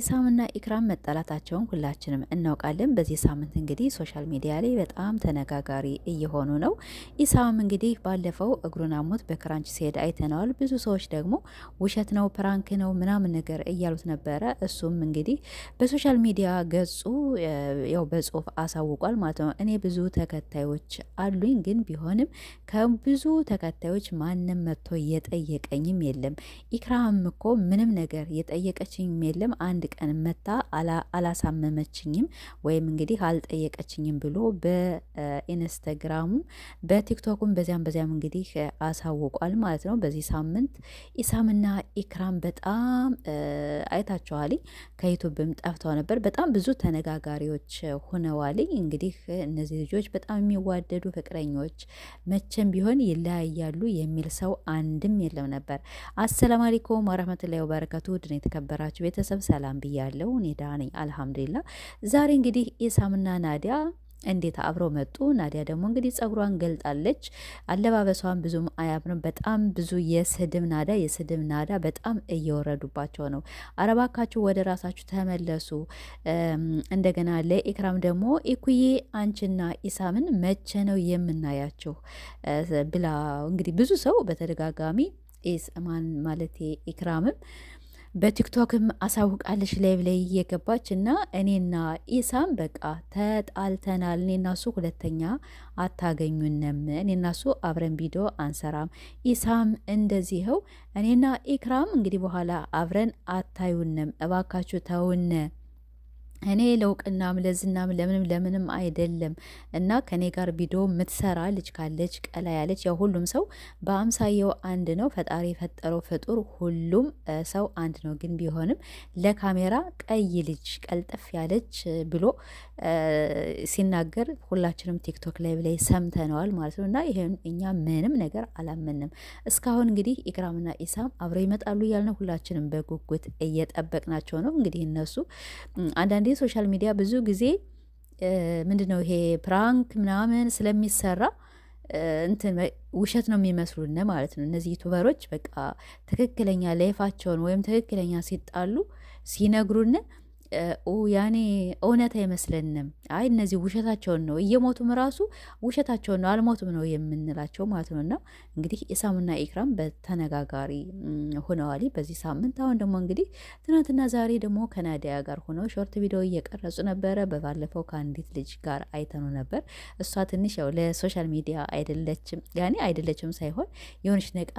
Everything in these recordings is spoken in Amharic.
ኢሳምና ኢክራም መጣላታቸውን ሁላችንም እናውቃለን። በዚህ ሳምንት እንግዲህ ሶሻል ሚዲያ ላይ በጣም ተነጋጋሪ እየሆኑ ነው። ኢሳም እንግዲህ ባለፈው እግሩን አሞት በክራንች ሲሄድ አይተነዋል። ብዙ ሰዎች ደግሞ ውሸት ነው፣ ፕራንክ ነው ምናምን ነገር እያሉት ነበረ። እሱም እንግዲህ በሶሻል ሚዲያ ገጹ ያው በጽሁፍ አሳውቋል ማለት ነው። እኔ ብዙ ተከታዮች አሉኝ፣ ግን ቢሆንም ከብዙ ተከታዮች ማንም መጥቶ የጠየቀኝም የለም። ኢክራም እኮ ምንም ነገር የጠየቀችኝም የለም አንድ ቀን መታ አላሳመመችኝም ወይም እንግዲህ አልጠየቀችኝም ብሎ በኢንስተግራሙ በቲክቶኩም በዚያም በዚያም እንግዲህ አሳውቋል ማለት ነው። በዚህ ሳምንት ኢሳምና ኢክራም በጣም አይታችኋል። ከዩቱብም ጠፍተው ነበር። በጣም ብዙ ተነጋጋሪዎች ሆነዋል። እንግዲህ እነዚህ ልጆች በጣም የሚዋደዱ ፍቅረኞች መቼም ቢሆን ይለያያሉ የሚል ሰው አንድም የለም ነበር። አሰላም አለይኩም ወረህመቱላሂ ወበረካቱ ድን የተከበራችሁ ቤተሰብ ሰላም ሰላም ብያለው። እኔ ደህና ነኝ አልሐምዱሊላ። ዛሬ እንግዲህ ኢሳምና ናዲያ እንዴት አብረው መጡ። ናዲያ ደግሞ እንግዲህ ጸጉሯን ገልጣለች። አለባበሷን ብዙም አያምርም። በጣም ብዙ የስድብ ናዳ የስድብ ናዳ በጣም እየወረዱባቸው ነው። አረባካችሁ ወደ ራሳችሁ ተመለሱ። እንደገና ለኢክራም ደግሞ ኢኩዬ አንቺና ኢሳምን መቼ ነው የምናያቸው ብላ እንግዲህ ብዙ ሰው በተደጋጋሚ ማለት ኢክራምም በቲክቶክም አሳውቃለች ላይ ላይ እየገባች እና እኔና ኢሳም በቃ ተጣልተናል፣ እኔና እሱ ሁለተኛ አታገኙንም፣ እኔና እሱ አብረን ቪዲዮ አንሰራም፣ ኢሳም እንደዚህው፣ እኔና ኢክራም እንግዲህ በኋላ አብረን አታዩንም፣ እባካችሁ ተውነ እኔ ለውቅናም ለዝናም ለምንም ለምንም አይደለም እና ከኔ ጋር ቪዲዮ ምትሰራ ልጅ ካለች ቀላ ያለች ያው ሁሉም ሰው በአምሳየው አንድ ነው። ፈጣሪ የፈጠረው ፍጡር ሁሉም ሰው አንድ ነው። ግን ቢሆንም ለካሜራ ቀይ ልጅ ቀልጠፍ ያለች ብሎ ሲናገር ሁላችንም ቲክቶክ ላይ ላይ ሰምተነዋል ማለት ነው እና ይህን እኛ ምንም ነገር አላመንም። እስካሁን እንግዲህ ኢክራምና ኢሳም አብረው ይመጣሉ እያልነው ሁላችንም በጉጉት እየጠበቅናቸው ነው። እንግዲህ እነሱ አንዳንድ አንዳንዴ ሶሻል ሚዲያ ብዙ ጊዜ ምንድን ነው ይሄ ፕራንክ ምናምን ስለሚሰራ እንትን ውሸት ነው የሚመስሉን ማለት ነው። እነዚህ ዩቱበሮች በቃ ትክክለኛ ላይፋቸውን ወይም ትክክለኛ ሲጣሉ ሲነግሩን ያኔ እውነት አይመስለንም። አይ እነዚህ ውሸታቸውን ነው፣ እየሞቱም ራሱ ውሸታቸውን ነው፣ አልሞቱም ነው የምንላቸው ማለት ነው። እና እንግዲህ ኢሳምና ኢክራም በተነጋጋሪ ሆነዋል በዚህ ሳምንት። አሁን ደግሞ እንግዲህ ትናንትና ዛሬ ደግሞ ከናዲያ ጋር ሆነው ሾርት ቪዲዮ እየቀረጹ ነበረ። በባለፈው ከአንዲት ልጅ ጋር አይተኑ ነበር። እሷ ትንሽ ያው ለሶሻል ሚዲያ አይደለችም፣ ያኔ አይደለችም ሳይሆን የሆነች ነቃ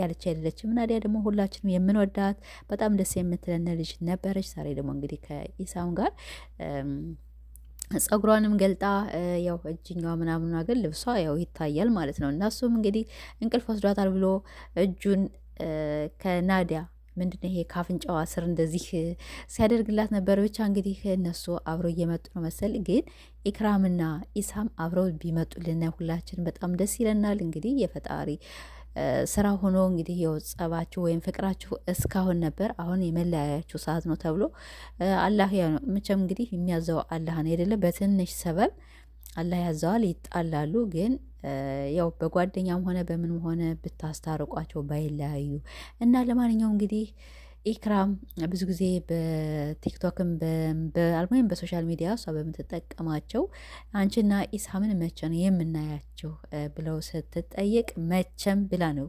ያለች አይደለችም። ናዲያ ደግሞ ሁላችንም የምንወዳት በጣም ደስ የምትለን ልጅ ነበረች። ዛሬ ደግሞ እንግዲህ ከኢሳም ጋር ጸጉሯንም ገልጣ ያው እጅኛዋ ምናምኗ ግን ልብሷ ያው ይታያል ማለት ነው። እናሱም እንግዲህ እንቅልፍ ወስዷታል ብሎ እጁን ከናዲያ ምንድነው ይሄ ካፍንጫዋ ስር እንደዚህ ሲያደርግላት ነበር። ብቻ እንግዲህ እነሱ አብረው እየመጡ ነው መሰል ግን ኢክራምና ኢሳም አብረው ቢመጡልን ሁላችን በጣም ደስ ይለናል። እንግዲህ የፈጣሪ ስራ ሆኖ እንግዲህ የወጸባችሁ ወይም ፍቅራችሁ እስካሁን ነበር። አሁን የመለያያችሁ ሰዓት ነው ተብሎ አላህ ያ ነው መቼም እንግዲህ የሚያዘው አላህን አይደለ። በትንሽ ሰበብ አላህ ያዘዋል፣ ይጣላሉ። ግን ያው በጓደኛም ሆነ በምንም ሆነ ብታስታርቋቸው ባይለያዩ እና ለማንኛውም እንግዲህ ኢክራም ብዙ ጊዜ በቲክቶክም ወይም በሶሻል ሚዲያ እሷ በምትጠቀማቸው አንቺና ኢሳምን መቼ ነው የምናያቸው ብለው ስትጠየቅ መቼም ብላ ነው።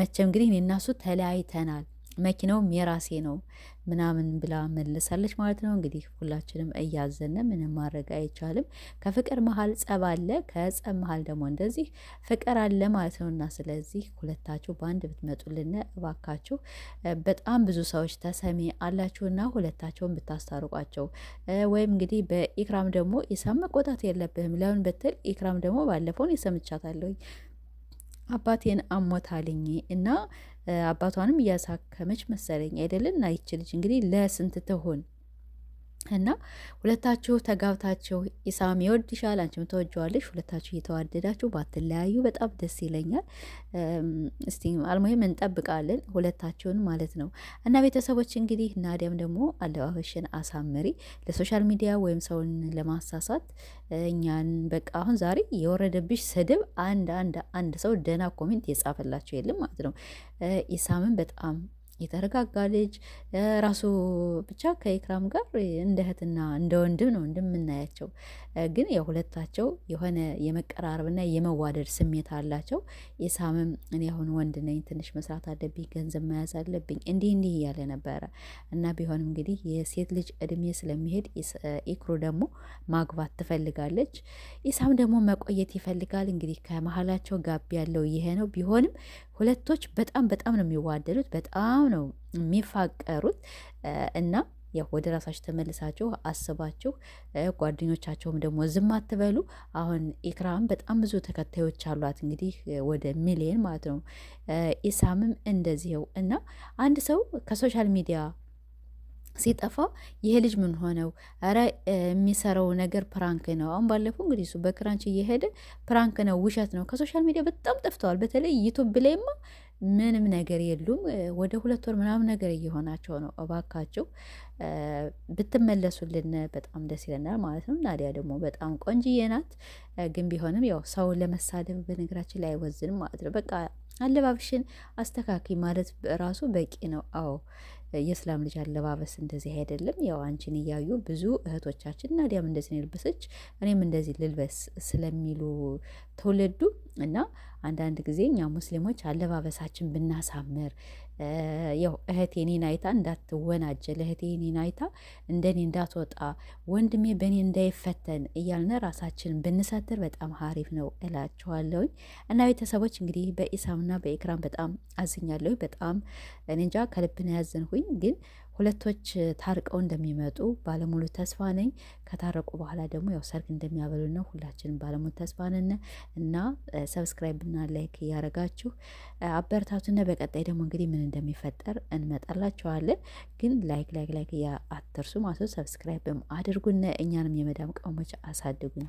መቼም እንግዲህ እኔ እና እሱ ተለያይተናል መኪናውም የራሴ ነው ምናምን ብላ መልሳለች ማለት ነው። እንግዲህ ሁላችንም እያዘነ ምንም ማድረግ አይቻልም። ከፍቅር መሀል ጸብ አለ፣ ከጸብ መሀል ደግሞ እንደዚህ ፍቅር አለ ማለት ነው። እና ስለዚህ ሁለታችሁ በአንድ ብትመጡልን እባካችሁ። በጣም ብዙ ሰዎች ተሰሚ አላችሁ እና ሁለታቸውን ብታስታርቋቸው ወይም እንግዲህ በኢክራም ደግሞ ኢሳም መቆጣት የለብህም ለምን ብትል ኢክራም ደግሞ ባለፈውን የሰምቻታለሁኝ አባቴን አሞታልኝ እና አባቷንም እያሳከመች መሰለኝ አይደለን። አይች ልጅ እንግዲህ ለስንት ትሆን እና ሁለታችሁ ተጋብታችሁ ኢሳም ይወድሻል፣ አንቺም ተወጀዋለሽ። ሁለታችሁ እየተዋደዳችሁ ባትለያዩ በጣም ደስ ይለኛል። እስቲ አልሙሄም እንጠብቃለን ሁለታችሁን ማለት ነው። እና ቤተሰቦች እንግዲህ ናዲያም ደግሞ አለባበሽን አሳምሪ ለሶሻል ሚዲያ ወይም ሰውን ለማሳሳት እኛን በቃ አሁን ዛሬ የወረደብሽ ስድብ አንድ አንድ አንድ ሰው ደህና ኮሜንት የጻፈላቸው የለም ማለት ነው። ኢሳምን በጣም የተረጋጋ ልጅ ራሱ ብቻ ከኢክራም ጋር እንደ እህትና እንደ ወንድም ነው እንደምናያቸው። ግን የሁለታቸው የሆነ የመቀራረብና የመዋደድ ስሜት አላቸው። የሳምም እኔ አሁን ወንድ ነኝ፣ ትንሽ መስራት አለብኝ፣ ገንዘብ መያዝ አለብኝ እንዲህ እንዲህ እያለ ነበረ እና ቢሆንም እንግዲህ የሴት ልጅ እድሜ ስለሚሄድ ኢክሩ ደግሞ ማግባት ትፈልጋለች፣ ኢሳም ደግሞ መቆየት ይፈልጋል። እንግዲህ ከመሀላቸው ጋቢ ያለው ይሄ ነው ቢሆንም ሁለቶች በጣም በጣም ነው የሚዋደዱት፣ በጣም ነው የሚፋቀሩት እና ያው ወደ ራሳችሁ ተመልሳችሁ አስባችሁ ጓደኞቻቸውም ደግሞ ዝም አትበሉ። አሁን ኢክራም በጣም ብዙ ተከታዮች አሏት እንግዲህ ወደ ሚሊየን ማለት ነው። ኢሳምም እንደዚህው እና አንድ ሰው ከሶሻል ሚዲያ ሲጠፋ ይሄ ልጅ ምን ሆነው? ኧረ የሚሰራው ነገር ፕራንክ ነው። አሁን ባለፈው እንግዲህ እሱ በክራንች እየሄደ ፕራንክ ነው፣ ውሸት ነው። ከሶሻል ሚዲያ በጣም ጠፍተዋል። በተለይ ዩቱብ ላይማ ምንም ነገር የሉም። ወደ ሁለት ወር ምናምን ነገር እየሆናቸው ነው። እባካችሁ ብትመለሱልን በጣም ደስ ይለናል ማለት ነው። ናዲያ ደግሞ በጣም ቆንጅዬ ናት፣ ግን ቢሆንም ያው ሰውን ለመሳደብ በነገራችን ላይ አይወዝንም ማለት ነው። በቃ አለባብሽን አስተካኪ ማለት ራሱ በቂ ነው። አዎ የእስላም ልጅ አለባበስ እንደዚህ አይደለም። ያው አንቺን እያዩ ብዙ እህቶቻችን ናዲያም እንደዚህ ነው የልበሰች እኔም እንደዚህ ልልበስ ስለሚሉ ትውልዱ እና አንዳንድ ጊዜ እኛ ሙስሊሞች አለባበሳችን ብናሳምር ያው እህቴ እኔን አይታ እንዳትወናጀል፣ እህቴ እኔን አይታ እንደኔ እንዳትወጣ፣ ወንድሜ በእኔ እንዳይፈተን እያልን ራሳችንን ብንሰትር በጣም ሀሪፍ ነው እላችኋለሁኝ። እና ቤተሰቦች እንግዲህ በኢሳምና በኢክራም በጣም አዝኛለሁኝ። በጣም እኔ እንጃ ከልብ ነው ግን ሁለቶች ታርቀው እንደሚመጡ ባለሙሉ ተስፋ ነኝ። ከታረቁ በኋላ ደግሞ ያው ሰርግ እንደሚያበሉ ነው። ሁላችንም ባለሙሉ ተስፋ ነን እና ሰብስክራይብ እና ላይክ እያደረጋችሁ አበረታቱና በቀጣይ ደግሞ እንግዲህ ምን እንደሚፈጠር እንመጣላችኋለን። ግን ላይክ ላይክ ላይክ አትርሱ ማለት ሰብስክራይብም አድርጉና እኛንም የመዳም ቀሞች አሳድጉን።